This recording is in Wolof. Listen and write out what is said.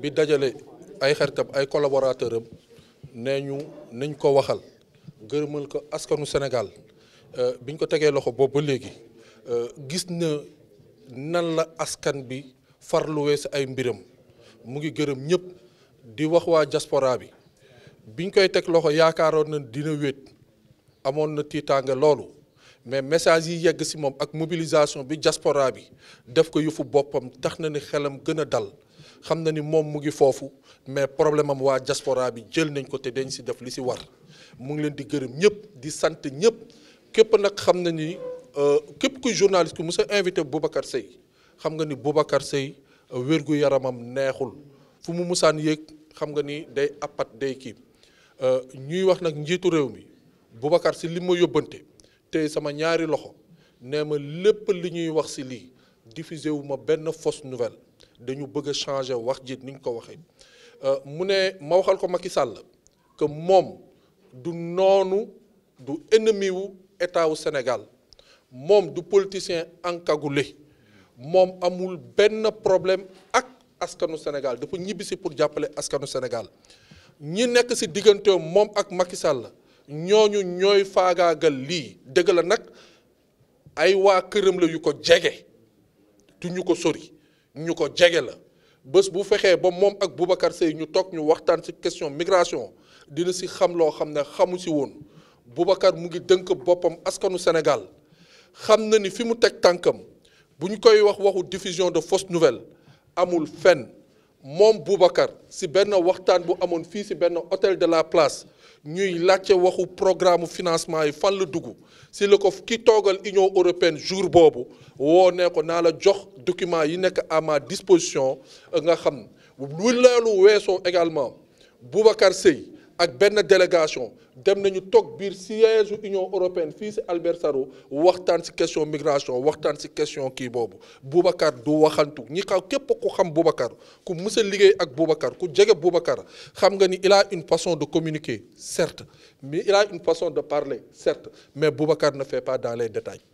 bi dajale ay xaritam ay collaborateur am nee ñu nañ ko waxal gërëmal ko askanu Sénégal euh, biñ ko tegee loxo boobu ba léegi euh, gis na nan la askan bi farluwee si ay mbiram mu ngi gërëm ñëpp di wax waa diaspora bi biñ koy teg loxo yaakaaroon na dina wéet amoon na tiitaange loolu mais message yi yegg si moom ak mobilisation bi diaspora bi def ko yëfu boppam tax na ni xelam gën a dal xam na ni moom mu ngi foofu mais problème am waa diaspora bi jël nañ ko te dañ si def li si war mu ngi leen di gërëm ñëpp di sant ñëpp képp nag xam na ni euh, képp ku journaliste ku mës a invité Boubacar Seye xam nga ni Boubacar Seye euh, wérgu yaramam neexul fu mu musaan yéeg xam nga ni day appat day kii euh, ñuy wax nag njiitu réew mi Boubacar si li ma yóbbante tey sama ñaari loxo nee ma lépp li ñuy wax si lii diffusé wu ma benn fausse nouvelle dañu bëgg a changer wax ji ni ñu ko waxee euh, mu ne ma waxal ko Macky Sall que moom du noonu du ennemi wu état wu Sénégal moom du politicien encagoulé moom amul benn problème ak askanu Sénégal dafa ñibbisi pour jàppale askanu Sénégal ñi nekk si diggante moom ak Macky Sall ñooñu ñooy faagaagal lii dëgg la nag ay waa këram la yu ko jege du ñu ko sori. ñu ko jege la bés bu fexee ba moom ak Boubacar Seye ñu toog ñu waxtaan ci question migration dina ci xam loo xam ne xamu ci woon Boubacar mu ngi dënk boppam askanu Sénégal xam na ni fi mu teg tànkam bu ñu koy wax waxu diffusion de fausses nouvelle amul fenn moom Boubacar ci benn waxtaan bu amoon fii ci benn hôtel de la place ñuy laajte waxu programme financement yi fan la dugg si la ko ki toogal Union européenne jour boobu woo ne ko naa la jox document yi nekk à disposition nga xam lu loolu weesoo également Boubacar Seye ak benn délégation dem nañu toog biir siège Union européenne fii si Albert Sarraut waxtaan si question migration waxtaan si question kii boobu Boubacar du waxantu ñi xaw képp ku xam Boubacar ku mës liggéey ak Boubacar ku jege Boubacar xam nga ni il une façon de communiquer certes mi il a une façon de parler certes mais Boubacar ne fait pas dans les détails